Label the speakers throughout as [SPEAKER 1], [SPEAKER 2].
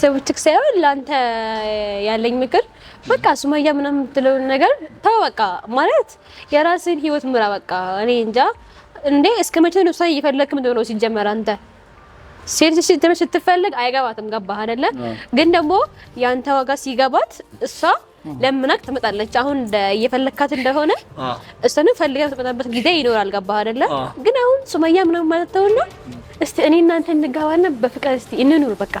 [SPEAKER 1] ሰውትክ ሳይሆን ለአንተ ያለኝ ምክር በቃ ሱማያ ምናምን የምትለውን ነገር ተው። በቃ ማለት የራስን ህይወት ምራ። በቃ እኔ እንጃ እንዴ እስከ መቼ ነው ሳይ እየፈለክ ምንድነው? ሲጀመር አንተ ሴት ስትጀምር ስትፈልግ አይገባትም። ገባህ አይደለ? ግን ደግሞ የአንተ ዋጋ ሲገባት እሷ ለምናክ ትመጣለች። አሁን እየፈለካት እንደሆነ እሷንም ፈልጋ ትመጣበት ጊዜ ይኖራል። ገባህ አይደለ? ግን አሁን ሱማያ ምናምን ማለት ተውና እስቲ እኔ እናንተ እንጋባና በፍቅር እስቲ እንኑር በቃ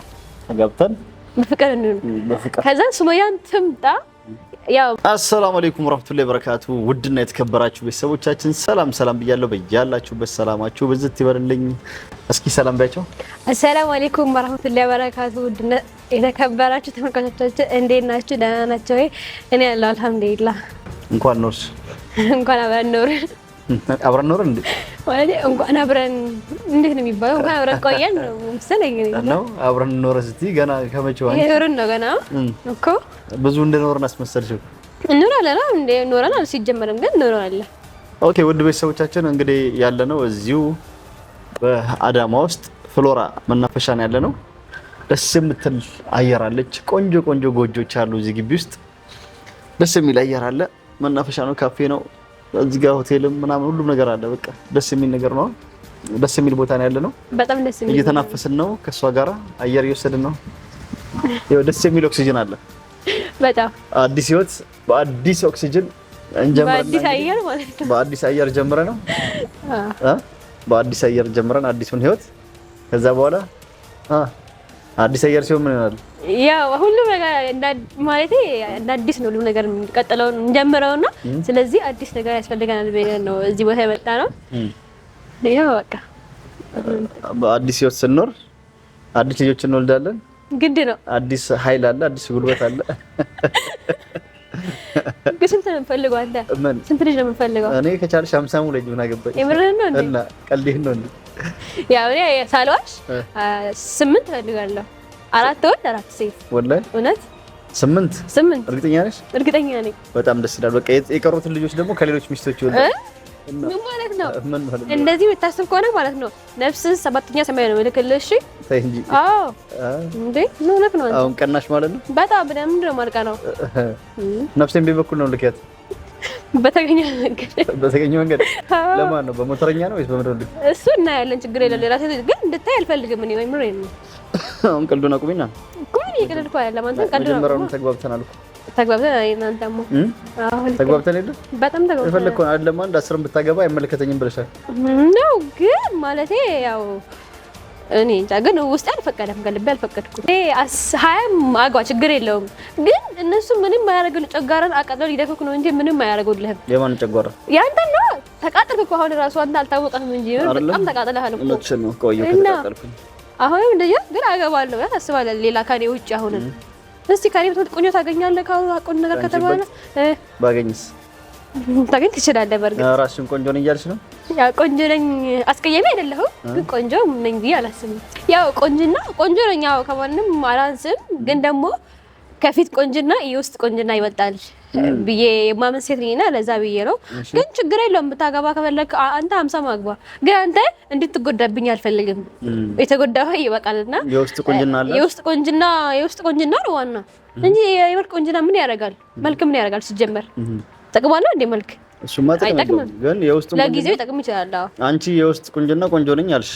[SPEAKER 1] ገብተን በፍቅር ከዛ ሱመያን ትምጣ።
[SPEAKER 2] አሰላሙ አለይኩም ወራህመቱላሂ በረካቱ ውድና የተከበራችሁ ቤተሰቦቻችን ሰላም ሰላም ብያለሁ። በያላችሁበት ሰላማችሁ በዝት ይበልልኝ። እስኪ ሰላም ባያቸው።
[SPEAKER 1] አሰላሙ አለይኩም ወራህመቱላሂ በረካቱ ውድና የተከበራችሁ ተመልካቾቻችን እንዴት ናችሁ? ደህና ናቸው ወይ? እኔ ያለው አልሐምዱሊላህ። እንኳን ኖርሽ። እንኳን አብረን ኖርን። አብረን ኖረን እንዴ ማለት እንኳን አብረን እንዴት ነው የሚባለው? እንኳን አብረን ቆየን መሰለኝ
[SPEAKER 2] ነው። አብረን ኖረ ስትይ ገና ከመቼው አንቺ
[SPEAKER 1] ኖረን ነው ገና እኮ
[SPEAKER 2] ብዙ እንደኖረን አስመሰልሽው።
[SPEAKER 1] እንኖራለን እንዴ ኖረናል። ሲጀመርም ግን እንኖራለን።
[SPEAKER 2] ኦኬ ውድ ቤተሰቦቻችን እንግዲህ ያለነው እዚሁ በአዳማ ውስጥ ፍሎራ መናፈሻ ነው ያለነው። ደስ የምትል አየር አለች። ቆንጆ ቆንጆ ጎጆች አሉ እዚህ ግቢ ውስጥ። ደስ የሚል አየር አለ። መናፈሻ ነው፣ ካፌ ነው። እዚህ ጋር ሆቴልም ምናምን ሁሉም ነገር አለ። በቃ ደስ የሚል ነገር ነው። ደስ የሚል ቦታ ነው ያለ ነው። በጣም ደስ የሚል እየተናፈስን ነው። ከእሷ ጋራ አየር እየወሰድን ነው። ያው ደስ የሚል ኦክሲጅን አለ። በጣም አዲስ ህይወት በአዲስ ኦክሲጅን
[SPEAKER 1] እንጀምራለን። በአዲስ አየር ማለት
[SPEAKER 2] ነው። በአዲስ አየር ጀምረን ነው አ በአዲስ አየር ጀምረን አዲሱን ህይወት ከዛ በኋላ አዲስ አየር ሲሆን ምን ይሆናል?
[SPEAKER 1] ያው ሁሉ ነገር ማለት እንደ አዲስ ነው። ነገር የሚቀጥለው ስለዚህ አዲስ ነገር ያስፈልገናል ብለን ነው እዚህ ቦታ የመጣ ነው። ያው በቃ
[SPEAKER 2] አዲስ ህይወት ስንኖር አዲስ ልጆች እንወልዳለን። ግድ ነው። አዲስ ኃይል አለ፣ አዲስ ጉልበት አለ።
[SPEAKER 1] ስንት ነው የምፈልገው? ስንት ልጅ ነው የምፈልገው?
[SPEAKER 2] እኔ ከቻልሽ ሀምሳ ምን አገባኝ? የምርህን ነው እና ቀልድህን ነው እንዴ?
[SPEAKER 1] ያው እኔ ሳልዋሽ ስምንት እፈልጋለሁ አራት ወንድ አራት ሴት። ወላሂ እውነት ስምንት ስምንት። እርግጠኛ ነሽ? እርግጠኛ ነኝ።
[SPEAKER 2] በጣም ደስ ይላል። በቃ የቀሩትን ልጆች ደግሞ ከሌሎች ሚስቶች
[SPEAKER 1] ይወልዳል። ምን ማለት ነው? እንደዚህ የምታስብ ከሆነ ማለት ነው ነፍስን ሰባተኛ ሰማይ ነው ልክልሽ። እሺ ተይ እንጂ። አዎ እንዴ ምን እውነት ነው።
[SPEAKER 2] አሁን ቀናሽ ማለት ነው።
[SPEAKER 1] በጣም ምንድን ነው ማልቀ ነው።
[SPEAKER 2] ነፍሴን በኩል ነው ልክያት
[SPEAKER 1] በተገኘው
[SPEAKER 2] መንገድ በተገኘው መንገድ ለማን ነው? በሞተረኛ ነው ወይስ በምድር?
[SPEAKER 1] እሱ እናያለን፣ ችግር የለም። ሌላ ሴት ግን እንድታይ አልፈልግም እኔ ወይ ምሬን ነው
[SPEAKER 2] አሁን ቀልዱን አቁሚና
[SPEAKER 1] ቁሚ። እየቀለድኩ አይደለም። አንተን ቀልዱ
[SPEAKER 2] ነው። ተግባብተናል እኮ ተግባብተን
[SPEAKER 1] ተግባብተን
[SPEAKER 2] በጣም አስርም ብታገባ አይመለከተኝም ብለሻል
[SPEAKER 1] ነው ግን ማለት ያው እኔ እንጃ ግን ውስጥ አልፈቀደም፣ ከልቤ አልፈቀድኩም። ሀያም አግባ ችግር የለውም ግን እነሱ ምንም አያደርጉልህ። ጨጓራን አቃጥለው ሊደፉክ ነው እንጂ ምንም አያደርጉልህም። የማን ጨጓራ? ያንተ ነው። ተቃጠልክ እኮ አሁን ራሱ አንተ አልታወቀህም እንጂ በጣም ተቃጥለሃል
[SPEAKER 2] እኮ። ቆይ ከተቃጠልኩኝ
[SPEAKER 1] አሁንም እንደየ ግን አገባለሁ ብላ ታስባለህ። ሌላ ከኔ ውጭ አሁንም እስቲ ከኔ ብትወድ ቁኞ ታገኛለህ። ካሁን አቁን ነገር ከተባለ ባገኝስ ታገኝ ትችላለህ።
[SPEAKER 2] በእርግጥ ራስሽም ቆንጆ ነኝ እያልሽ ነው።
[SPEAKER 1] ያው ቆንጆ ነኝ አስቀየሚ አይደለሁም፣ ግን ቆንጆ ነኝ ብዬ አላስብም። ያው ቆንጅና ቆንጆ ነኝ፣ ያው ከማንም አላንስም። ግን ደግሞ ከፊት ቆንጅና የውስጥ ቆንጅና ይበልጣል። ብዬ የማመን ሴት ነኝና ለዛ ብዬ ነው። ግን ችግር የለውም ብታገባ ከፈለክ አንተ ሀምሳ ማግባ። ግን አንተ እንድትጎዳብኝ አልፈልግም። የተጎዳ ይበቃልና
[SPEAKER 2] የውስጥ ቆንጅና
[SPEAKER 1] የውስጥ ቆንጅና የውስጥ ቆንጅና ነው ዋና እንጂ የመልክ ቆንጅና ምን ያደርጋል? መልክ ምን ያደርጋል? ሲጀመር ጠቅማለ እንዴ መልክ እሱማ ጥቅም ግን የውስጥ ለጊዜው ይጠቅም ይችላል።
[SPEAKER 2] አንቺ የውስጥ ቁንጅና ቆንጆ ነኝ አልሽ፣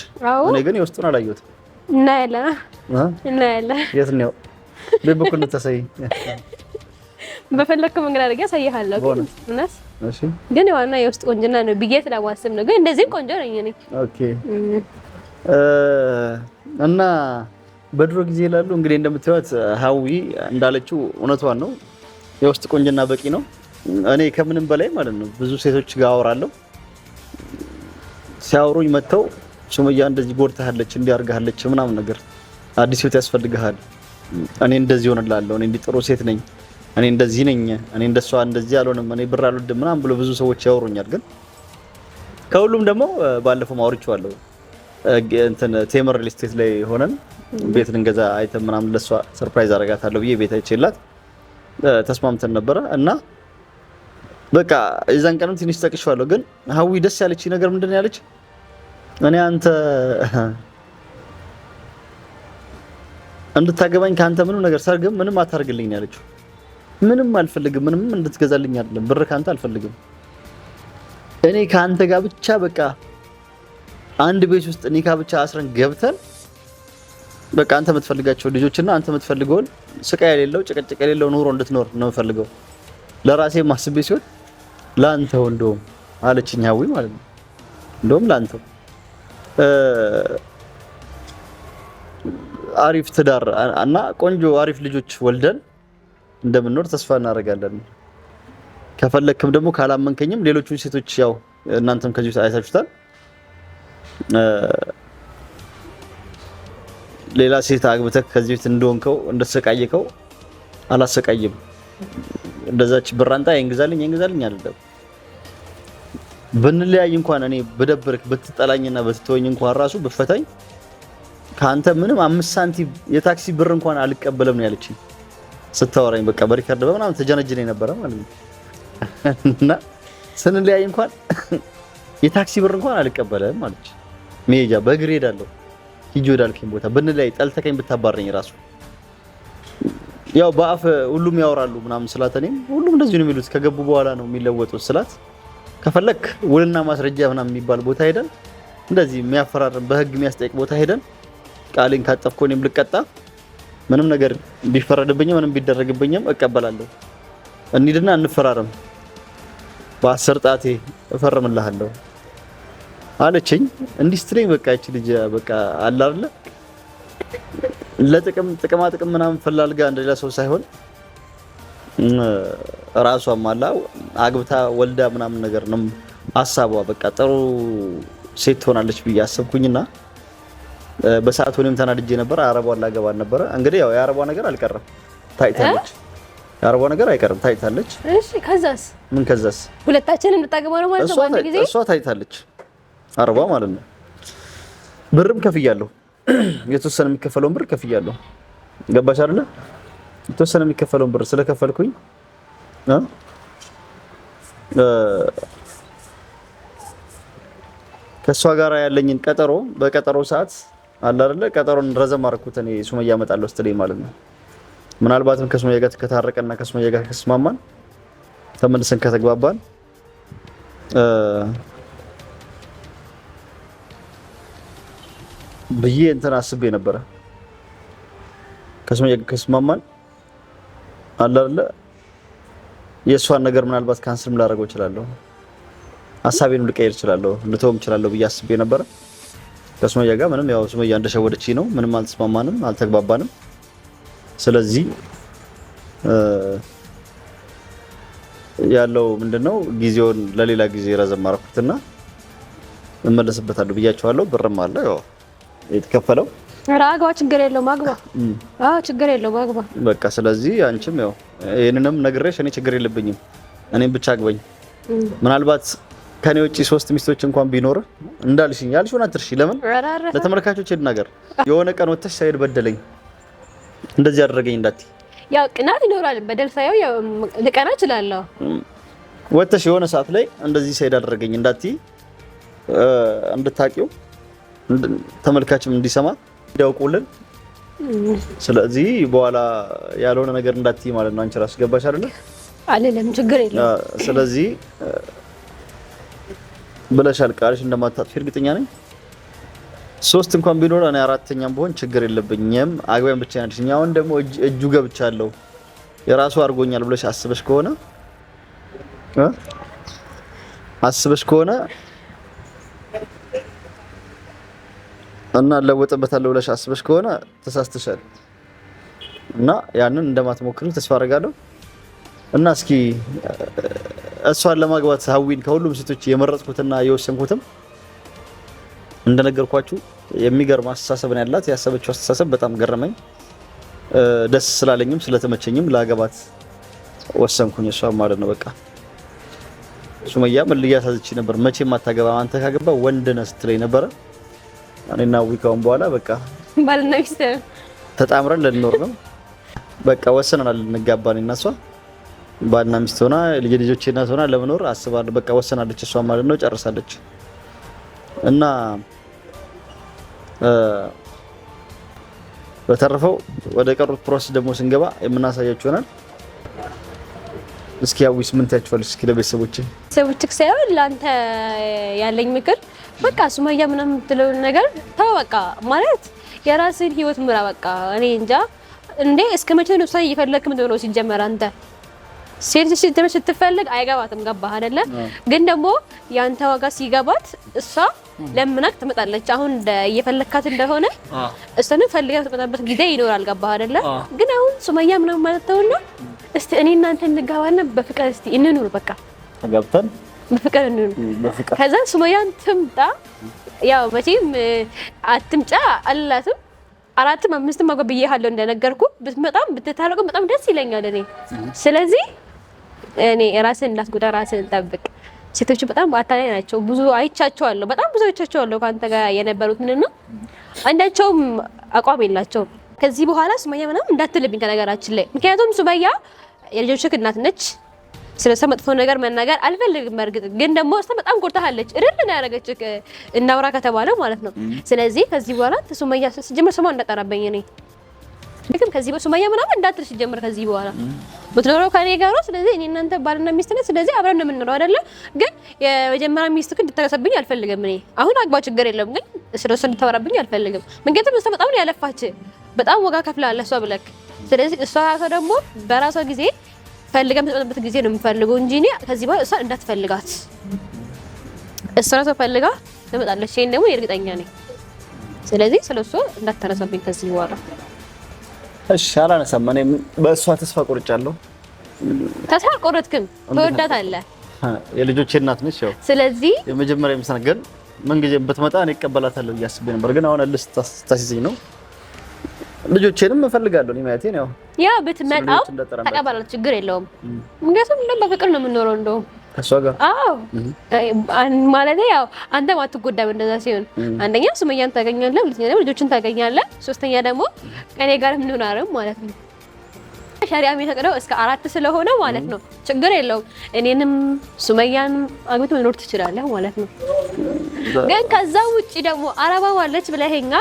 [SPEAKER 2] እኔ ግን የውስጡን አላየሁትም።
[SPEAKER 1] እናያለን እናያለን።
[SPEAKER 2] የት ነው ልብ እኮ እንድታሳይኝ
[SPEAKER 1] በፈለግከው መንገድ አድርጌ አሳይሃለሁ። ግን ግን ዋና የውስጥ ቆንጅና ነው ብዬ ስለማስብ ነው። ግን እንደዚህም ቆንጆ ነኝ እኔ።
[SPEAKER 2] ኦኬ። እና በድሮ ጊዜ ይላሉ እንግዲህ እንደምታዩት ሀዊ እንዳለችው እውነቷን ነው። የውስጥ ቆንጅና በቂ ነው። እኔ ከምንም በላይ ማለት ነው ብዙ ሴቶች ጋር አወራለሁ። ሲያወሩኝ መጥተው ሱመያ እንደዚህ ጎድታለች፣ እንዲያርጋለች ምናምን ነገር አዲስ ህይወት ያስፈልግሃል፣ እኔ እንደዚህ ሆንላለሁ፣ እኔ እንዲህ ሴት ነኝ እኔ እንደዚህ ነኝ፣ እኔ እንደሷ እንደዚህ አልሆንም፣ እኔ ብር አልወድም ምናምን ብሎ ብዙ ሰዎች ያወሩኛል። ግን ከሁሉም ደግሞ ባለፈው ማውርቼዋለሁ እንትን ቴምር ሪል ስቴት ላይ ሆነን ቤት ልንገዛ አይተን ምናምን ለሷ ሰርፕራይዝ አደርጋታለሁ ብዬ ቤት አይቼላት ተስማምተን ነበረ እና በቃ የዛን ቀንም ትንሽ ጠቅሼዋለሁ። ግን ሀዊ ደስ ያለች ነገር ምንድን ያለች እኔ አንተ እንድታገባኝ ከአንተ ምንም ነገር ሰርግም ምንም አታርግልኝ ያለችው ምንም አልፈልግም። ምንም እንድትገዛልኝ አይደለም፣ ብር ካንተ አልፈልግም። እኔ ከአንተ ጋር ብቻ በቃ አንድ ቤት ውስጥ እኔ ጋር ብቻ አስረን ገብተን በቃ አንተ የምትፈልጋቸው ልጆችና አንተ የምትፈልገውን ስቃይ የሌለው ጭቅጭቅ የሌለው ኑሮ እንድትኖር ነው የምፈልገው። ለራሴ ማስቤ ሲሆን ለአንተው እንደውም አለችኝ ሀዊ ማለት ነው። እንደውም ለአንተው አሪፍ ትዳር እና ቆንጆ አሪፍ ልጆች ወልደን እንደምንኖር ተስፋ እናደርጋለን። ከፈለክም ደግሞ ካላመንከኝም ሌሎቹን ሴቶች ያው እናንተም ከዚህ አይታችሁታል። ሌላ ሴት አግብተህ ከዚህ ቤት እንደሆንከው እንደተሰቃየከው አላሰቃይም። እንደዛች ብራንጣ የእንግዛልኝ የእንግዛልኝ አይደለም። ብንለያይ እንኳን እኔ በደብርክ ብትጠላኝና ብትተወኝ እንኳን ራሱ ብፈታኝ ከአንተ ምንም አምስት ሳንቲም የታክሲ ብር እንኳን አልቀበለም ነው ያለችኝ። ስታወራኝ በቃ በሪከርድ በምናምን ተጀነጅነ የነበረ ማለት ነው። እና ስንለያይ እንኳን የታክሲ ብር እንኳን አልቀበለም ማለች መሄጃ በእግር ሄዳለሁ ሂጂ ወዳልከኝ ቦታ ብንለያይ ጠልተከኝ ብታባረኝ ራሱ ያው በአፍ ሁሉም ያወራሉ ምናምን ስላት እኔም ሁሉም እንደዚህ ነው የሚሉት ከገቡ በኋላ ነው የሚለወጡት ስላት ከፈለክ ውልና ማስረጃ ምናምን የሚባል ቦታ ሄደን እንደዚህ የሚያፈራርም በህግ የሚያስጠይቅ ቦታ ሄደን ቃሌን ካጠፍኩ እኔም ልቀጣ ምንም ነገር ቢፈረድብኝም ምንም ቢደረግብኝም እቀበላለሁ። እንሂድና እንፈራረም፣ በአስር ጣቴ እፈርምልሃለሁ አለችኝ። እንዲህ ስትለኝ በቃ እቺ ልጅ በቃ አለ አይደለ ለጥቅም ጥቅማ ጥቅም ምናምን ፈላልጋ እንደሌላ ሰው ሳይሆን ራሷም አላ አግብታ ወልዳ ምናምን ነገር ነው ሀሳቧ። በቃ ጥሩ ሴት ትሆናለች ብዬ አሰብኩኝና በሰዓቱ እኔም ተናድጄ ነበር። አረቧን ላገባን ነበረ። እንግዲህ ያው የአረቧ ነገር አልቀረም፣ ታይታለች። የአረቧ ነገር አይቀርም፣ ታይታለች።
[SPEAKER 1] እሺ፣ ከዛስ ምን? ከዛስ ሁለታችንም ልታገባ ነው ማለት
[SPEAKER 2] ነው። አንድ ጊዜ እሷ ታይታለች፣ አረቧ ማለት ነው። ብርም ከፍያለሁ፣ የተወሰነ የሚከፈለውን ብር ከፍያለሁ። ገባሽ አይደለ? የተወሰነ የሚከፈለውን ብር ስለከፈልኩኝ ከእሷ ጋር ያለኝን ቀጠሮ በቀጠሮ ሰዓት አለ አይደለ? ቀጠሮን ረዘም አድርኩት እኔ ሱመያ እመጣለሁ ስትለኝ ማለት ነው። ምናልባትም ከሱመያ ጋር ከታረቀና ከሱመያ ጋር ከተስማማን ተመልሰን ከተግባባን ብዬ እንትን አስቤ ነበረ። ከሱመያ ጋር ከስማማን አለ አይደለ? የእሷን ነገር ምናልባት ካንስልም ላደርገው እችላለሁ፣ ሀሳቤንም ልቀይር እችላለሁ፣ ልተውም እችላለሁ ብዬ አስቤ ነበረ። ከሱመያ ጋር ምንም ያው ሱመያ እንደሸወደች ነው። ምንም አልተስማማንም፣ አልተግባባንም። ስለዚህ ያለው ምንድነው ጊዜውን ለሌላ ጊዜ ረዘም አደረኩትና እመለስበታለሁ ብያቸዋለሁ። ብርም አለ ያው የተከፈለው
[SPEAKER 1] አግባ፣ ችግር የለውም አግባ። አዎ ችግር የለውም አግባ።
[SPEAKER 2] በቃ ስለዚህ አንቺም ያው ይሄንንም ነግሬሽ እኔ ችግር የለብኝም እኔም ብቻ አግበኝ ምናልባት ከኔ ውጪ ሶስት ሚስቶች እንኳን ቢኖር እንዳልሽኝ ያልሽውን አትርሺ። ለምን ለተመልካቾች እንናገር። የሆነ ቀን ወተሽ ሳይድ በደለኝ እንደዚህ አደረገኝ እንዳትይ።
[SPEAKER 1] ያው ቅናት ይኖራል። በደል ሳይው ልቀና እችላለሁ።
[SPEAKER 2] ወተሽ የሆነ ሰዓት ላይ እንደዚህ ሳይድ አደረገኝ እንዳትይ እንድታቂው ተመልካችም እንዲሰማ እንዲያውቁልን። ስለዚህ በኋላ ያልሆነ ነገር እንዳትይ ማለት ነው። አንቺ ራስሽ ገባሽ አይደለ?
[SPEAKER 1] አልልም፣ ችግር
[SPEAKER 2] የለም። ስለዚህ ብለሻል። ቃልሽ እንደማታጥፊ እርግጠኛ ነኝ። ሶስት እንኳን ቢኖር እኔ አራተኛም ብሆን ችግር የለብኝም። አግባኝ ብቻ ነድሽኝ። አሁን ደግሞ እጁ ገብቻለሁ የራሱ አድርጎኛል ብለሽ አስበሽ ከሆነ አስበሽ ከሆነ እና ለወጥበታለሁ ብለሽ አስበሽ ከሆነ ተሳስተሻል እና ያንን እንደማትሞክሪው ተስፋ አደርጋለሁ እና እስኪ እሷን ለማግባት ሀዊን ከሁሉም ሴቶች የመረጥኩትና የወሰንኩትም እንደነገርኳችሁ የሚገርም አስተሳሰብ ነው ያላት። ያሰበችው አስተሳሰብ በጣም ገረመኝ። ደስ ስላለኝም ስለተመቸኝም ለአገባት ወሰንኩኝ። እሷ ማለት ነው በቃ ሱመያ ሱመያም ልያሳዝች ነበር። መቼ ማታገባ አንተ ካገባ ወንድ ነህ ስትለኝ ነበረ። እኔና ዊካውን በኋላ በቃ ባልና ሚስት ተጣምረን ልንኖር ነው። በቃ ወሰነናል ልንጋባ እኔና እሷ ባልና ሚስት ሆና ልጆች እናት ሆና ለመኖር አስባለሁ። በቃ ወሰናለች፣ እሷ ማለት ነው ጨርሳለች። እና በተረፈው ወደ ቀሩት ፕሮሰስ ደግሞ ስንገባ የምናሳያችሁ ይሆናል። እስኪ አዊስ ምን ታያችኋል? እስኪ ለቤተሰቦች
[SPEAKER 1] ቤተሰቦች ሳይሆን ለአንተ ያለኝ ምክር በቃ ሱማያ ምናምን የምትለውን ነገር ተው። በቃ ማለት የራስን ህይወት ምራ። በቃ እኔ እንጃ እንዴ እስከ መቼ ነው እሷ እየፈለክ ምትሆነው ሲጀመር አንተ ሴት ስትመች ስትፈልግ አይገባትም። ገባህ አይደለ? ግን ደግሞ ያንተ ዋጋ ሲገባት እሷ ለምናቅ ትመጣለች። አሁን እየፈለካት እንደሆነ እሷንም ፈልጋ ትመጣበት ጊዜ ይኖራል። ገባህ አይደለ? ግን አሁን ሱመያ ምናምን ማለት ተውና እስቲ እኔ እናንተ እንጋባና በፍቅር እስቲ እንኑር፣ በቃ ገብተን በፍቅር
[SPEAKER 2] እንኑር።
[SPEAKER 1] ከዛ ሱመያን ትምጣ፣ ያው መቼም አትምጫ አላትም አራትም አምስትም አጎብዬ ያለው እንደነገርኩ ብትመጣም ብትታረቁም በጣም ደስ ይለኛል እኔ ስለዚህ እኔ ራስን እንዳትጎዳ ራስን ጠብቅ። ሴቶች በጣም አታላይ ናቸው። ብዙ አይቻቸዋለሁ፣ በጣም ብዙ አይቻቸዋለሁ። ከአንተ ጋር የነበሩት ምን ነው አንዳቸውም አቋም የላቸውም። ከዚህ በኋላ ሱመያ ምናምን እንዳትልብኝ ከነገራችን ላይ ምክንያቱም ሱመያ የልጆች እናት ነች። ስለሰ መጥፎ ነገር መናገር አልፈልግም። በእርግጥ ግን ደግሞ እሷ በጣም ጎድታሃለች። እርል ነው ያደረገች እናውራ ከተባለ ማለት ነው። ስለዚህ ከዚህ በኋላ ሱመያ ሲጀምር ስሟ እንዳጠራበኝ እኔ ልክም ከዚህ በሱማያ ምናምን እንዳትል ሲጀምር ከዚህ በኋላ ብትኖረው ከኔ ጋር ነው። ስለዚህ እኔ እናንተ ባልና ሚስት ነን። ስለዚህ አብረን ነው የምንኖረው አይደለ? ግን የመጀመሪያ ሚስት ግን እንድታረሰብኝ አልፈልግም። እኔ አሁን አግባ ችግር የለም፣ ግን ስለሱ እንድታወራብኝ አልፈልግም። ምክንያቱም እሷ በጣም ነው ያለፋች፣ በጣም ወጋ ከፍላለች እሷ ብለክ። ስለዚህ እሷ ራሷ ደግሞ በራሷ ጊዜ ፈልጋ የምትመጣበት ጊዜ ነው የምፈልገው እንጂ እኔ ከዚህ በኋላ እሷ እንዳትፈልጋት፣ እሷ ራሷ ፈልጋ ትመጣለች። ይሄን ደግሞ እርግጠኛ ነኝ። ስለዚህ ስለሱ እንዳታረሰብኝ ከዚህ በኋላ
[SPEAKER 2] እሺ አላነሳም። እኔ በእሷ ተስፋ ቆርጫለሁ።
[SPEAKER 1] ተስፋ አልቆረጥክም። ትወዳታለህ።
[SPEAKER 2] የልጆቼ እናት ነች። ያው ስለዚህ የመጀመሪያ የምሰነው ግን ምን ጊዜም ብትመጣ እኔ እቀበላታለሁ እያስቤ ነበር፣ ግን አሁን እልህ ስታስይዘኝ ነው። ልጆቼንም እፈልጋለሁ እኔ ማለቴ ነው።
[SPEAKER 1] ያው ብትመጣው ተቀበላት፣ ችግር የለውም። ምክንያቱም በፍቅር ነው የምንኖረው እንደውም ከሷ ጋር አዎ፣ ማለት ያው አንተ አትጎዳም እንደዛ ሲሆን፣ አንደኛ ሱመያን ታገኛለህ፣ ሁለተኛ ደግሞ ልጆችን ታገኛለህ፣ ሶስተኛ ደግሞ እኔ ጋር ምን ሆናረም ማለት ነው ሸሪያ የሚፈቅደው እስከ አራት ስለሆነ ማለት ነው ችግር የለውም። እኔንም ሱመያን አግብቶ መኖር ትችላለህ ማለት ነው። ግን ከዛ ውጭ ደግሞ አረባ ዋለች ብለኸኛ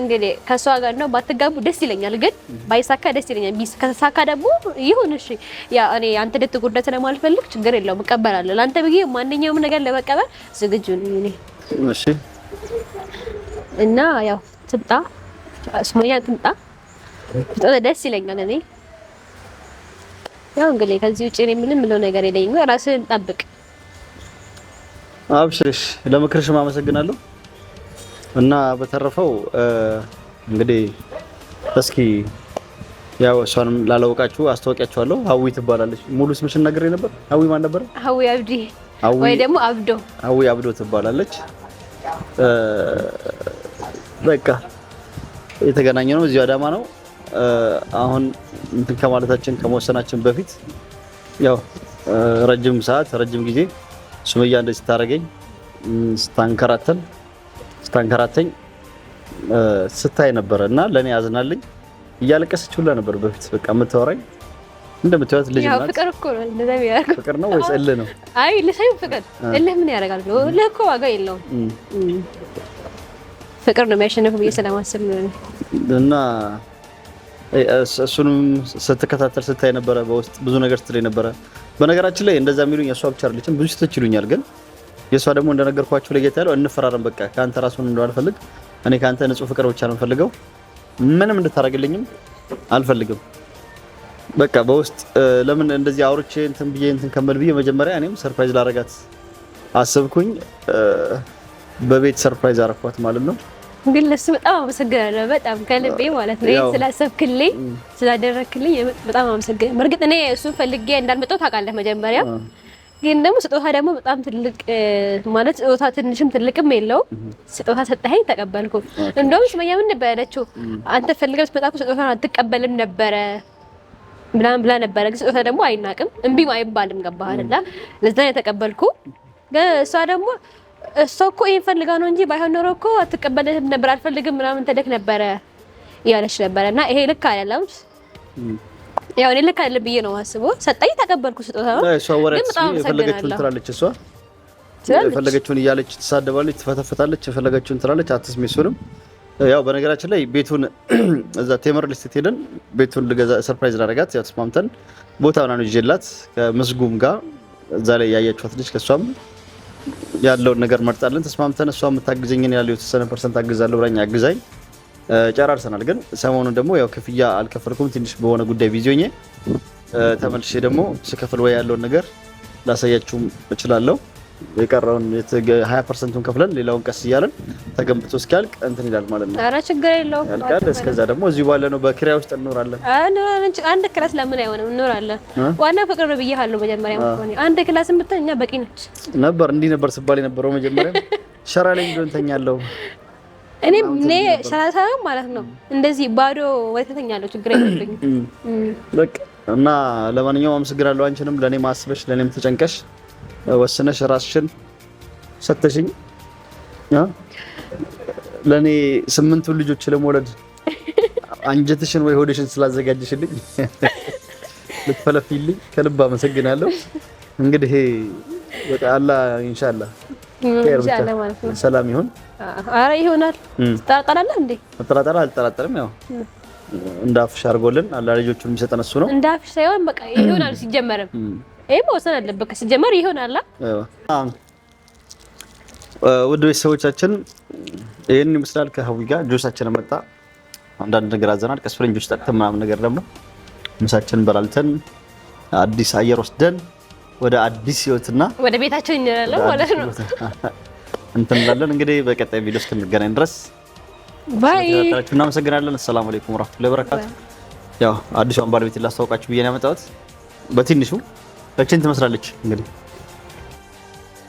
[SPEAKER 1] እንግዲህ ከእሷ ጋር ነው ባትጋቡ ደስ ይለኛል። ግን ባይሳካ ደስ ይለኛል። ከተሳካ ደግሞ ይሁን እሺ። ያ እኔ አንተ ደት ልትጎዳ ስለማልፈልግ ችግር የለውም እቀበላለሁ። ለአንተ ብዬ ማንኛውም ነገር ለመቀበል ዝግጁ ነኝ እኔ እሺ። እና ያው ትምጣ ሱመያን ትምጣ፣ ደስ ይለኛል እኔ ያው እንግዲህ ከዚህ ውጪ እኔ ምንም ምለው ነገር የለኝም። ራስህን ጠብቅ።
[SPEAKER 2] አብሽሽ ለምክርሽም አመሰግናለሁ። እና በተረፈው እንግዲህ እስኪ ያው እሷንም ላላወቃችሁ አስተዋውቂያችኋለሁ። ሀዊ ትባላለች። ሙሉ ስምሽን ነግሬ ነበር። ሀዊ ማን ነበር?
[SPEAKER 1] ሀዊ አብዲ ወይ ደግሞ አብዶ።
[SPEAKER 2] ሀዊ አብዶ ትባላለች። በቃ የተገናኘ ነው እዚሁ አዳማ ነው አሁን እንትን ከማለታችን ከመወሰናችን በፊት ያው ረጅም ሰዓት ረጅም ጊዜ ሱመያ እንደዚህ ስታደርገኝ ስታንከራተን ስታንከራተኝ ስታይ ነበረ እና ለእኔ ያዝናልኝ እያለቀሰች ሁላ ነበር በፊት በቃ የምታወራኝ። እንደምታዩት ልጅ
[SPEAKER 1] ናት። ፍቅር እኮ ነው እንደዛ የሚያደርገው
[SPEAKER 2] ፍቅር ነው ወይስ እልህ ነው?
[SPEAKER 1] አይ ለሰው ፍቅር እልህ ምን ያደርጋል? እልህ እኮ ዋጋ የለውም። ፍቅር ነው የሚያሸንፈው ብዬ ስለማስብ
[SPEAKER 2] እና እሱንም ስትከታተል ስታይ ነበረ፣ በውስጥ ብዙ ነገር ስትል ነበረ። በነገራችን ላይ እንደዛ የሚሉኝ እሷ ብቻ አለችም፣ ብዙ ሴቶች ይሉኛል። ግን የእሷ ደግሞ እንደነገርኳችሁ ለጌታ ያለው እንፈራረም፣ በቃ ከአንተ ራሱን እንደው አልፈልግ፣ እኔ ከአንተ ንጹህ ፍቅር ብቻ ነው የምፈልገው። ምንም እንድታደርግልኝም አልፈልግም። በቃ በውስጥ ለምን እንደዚህ አውርቼ እንትን ብዬ እንትን ከመል ብዬ መጀመሪያ እኔም ሰርፕራይዝ ላረጋት አስብኩኝ። በቤት ሰርፕራይዝ አረኳት ማለት ነው።
[SPEAKER 1] ግን ለሱ በጣም አመሰግናለሁ። በጣም ከልቤ ማለት ነው። ስላሰብክልኝ ስላደረክልኝ በጣም አመሰግናለሁ። እርግጥ እኔ እሱን ፈልጌ እንዳልመጣሁ ታውቃለህ መጀመሪያ። ግን ደግሞ ስጦታ ደግሞ በጣም ትልቅ ማለት ስጦታ ትንሽም ትልቅም የለውም። ስጦታ ሰጠኸኝ፣ ተቀበልኩ። እንደውም ስመኛ ምን ነበር ያለችው? አንተ ፈልገህ ብትመጣ እኮ ስጦታ አትቀበልም ነበረ ምናምን ብላ ነበረ። ግን ስጦታ ደግሞ አይናቅም፣ እምቢ አይባልም። ገባህ አይደል? ለዛ የተቀበልኩ እሷ ደግሞ እሷ እኮ ይሄን ፈልጋ ነው እንጂ ባይሆን ኖሮ እኮ አትቀበልህም ነበር፣ አልፈልግም ምናምን ተደክ ነበረ እያለች ነበረ። እና ይሄ ልክ አይደለም። ያው እኔ ልክ አይደለም ብዬ ነው አስቦ ሰጠኝ፣ ተቀበልኩ ስጦታው።
[SPEAKER 2] እሷ ወራት የፈለገችውን ትላለች፣ እሷ የፈለገችውን እያለች ትሳደባለች፣ ትፈተፈታለች፣ የፈለገችውን ትላለች። አትስሚ እሱንም። ያው በነገራችን ላይ ቤቱን እዛ ቴምር ሊስት ሄደን ቤቱን ልገዛ ሰርፕራይዝ ላደርጋት ያው ተስማምተን ቦታ ምናምን ይዤላት ከመስጉም ጋር እዛ ላይ ያያችኋት ልጅ ከሷም ያለውን ነገር መርጣለን ተስማምተን እሷ የምታግዘኝን ያለው የተወሰነ ፐርሰንት አግዛለሁ ብላኝ አግዛኝ ጨራርሰናል። ግን ሰሞኑን ደግሞ ያው ክፍያ አልከፈልኩም ትንሽ በሆነ ጉዳይ ቢዚ ተመልሼ ደግሞ ስከፍል ወይ ያለውን ነገር ላሳያችሁም እችላለሁ። የቀረውን ሀያ ፐርሰንቱን ከፍለን ሌላውን ቀስ እያለን ተገንብቶ እስኪያልቅ እንትን ይላል ማለት ነው።
[SPEAKER 1] ኧረ ችግር የለውም
[SPEAKER 2] ያልቃል። እስከዛ ደግሞ እዚሁ ባለ ነው በኪራይ ውስጥ እንኖራለን።
[SPEAKER 1] አንድ ክላስ ለምን አይሆንም? እንኖራለን። ዋናው ፍቅር ነው ብዬሃለሁ። መጀመሪያ አንድ ክላስ ብትል እኛ በቂ ነች
[SPEAKER 2] ነበር። እንዲህ ነበር ስባል የነበረው መጀመሪያ ሸራ ላይ እንደሆነ ተኛለሁ
[SPEAKER 1] እኔ እኔ ሰላሳ ማለት ነው እንደዚህ ባዶ ወተተኛለሁ ችግር የለብኝም።
[SPEAKER 2] በቃ እና ለማንኛውም አመሰግናለሁ አንቺንም ለኔ ማስበሽ ለእኔም ተጨንቀሽ ወስነሽ ራስሽን ሰተሽኝ ለእኔ ስምንቱን ልጆች ለመውለድ አንጀትሽን ወይ ሆድሽን ስላዘጋጀሽልኝ ልትፈለፊልኝ ከልብ አመሰግናለሁ። እንግዲህ አላ እንሻላ ሰላም ይሁን።
[SPEAKER 1] አረ ይሆናል። ትጠራጠራለህ እንዴ?
[SPEAKER 2] መጠራጠር አልጠራጠርም። ያው እንዳፍሽ አድርጎልን አላ ልጆቹን የሚሰጠን እሱ ነው።
[SPEAKER 1] እንዳፍሽ ሳይሆን በቃ ይሆናል ሲጀመርም ይሄ መወሰን አለበት ሲጀመር ይሆናል።
[SPEAKER 2] ውድ ቤተሰቦቻችን ይህን ይመስላል። ከሀዊ ጋር ጁሳችን መጣ፣ አንዳንድ ነገር አዘናል። ቀስፍሬን ጁስ ጠጥተን ምናምን ነገር ደግሞ ምሳችንን በላልተን አዲስ አየር ወስደን ወደ አዲስ ህይወትና
[SPEAKER 1] ወደ ቤታችን እንላለን ማለት ነው
[SPEAKER 2] እንትን እንላለን። እንግዲህ በቀጣይ ቪዲዮ እስክንገናኝ ድረስ ባይ ታችሁ እናመሰግናለን። አሰላሙ አለይኩም ወራህመቱላሂ ወበረካቱ። ያው አዲሷን ባለቤት ላስታውቃችሁ ብዬ ነው ያመጣሁት በትንሹ እችን ትመስላለች እንግዲህ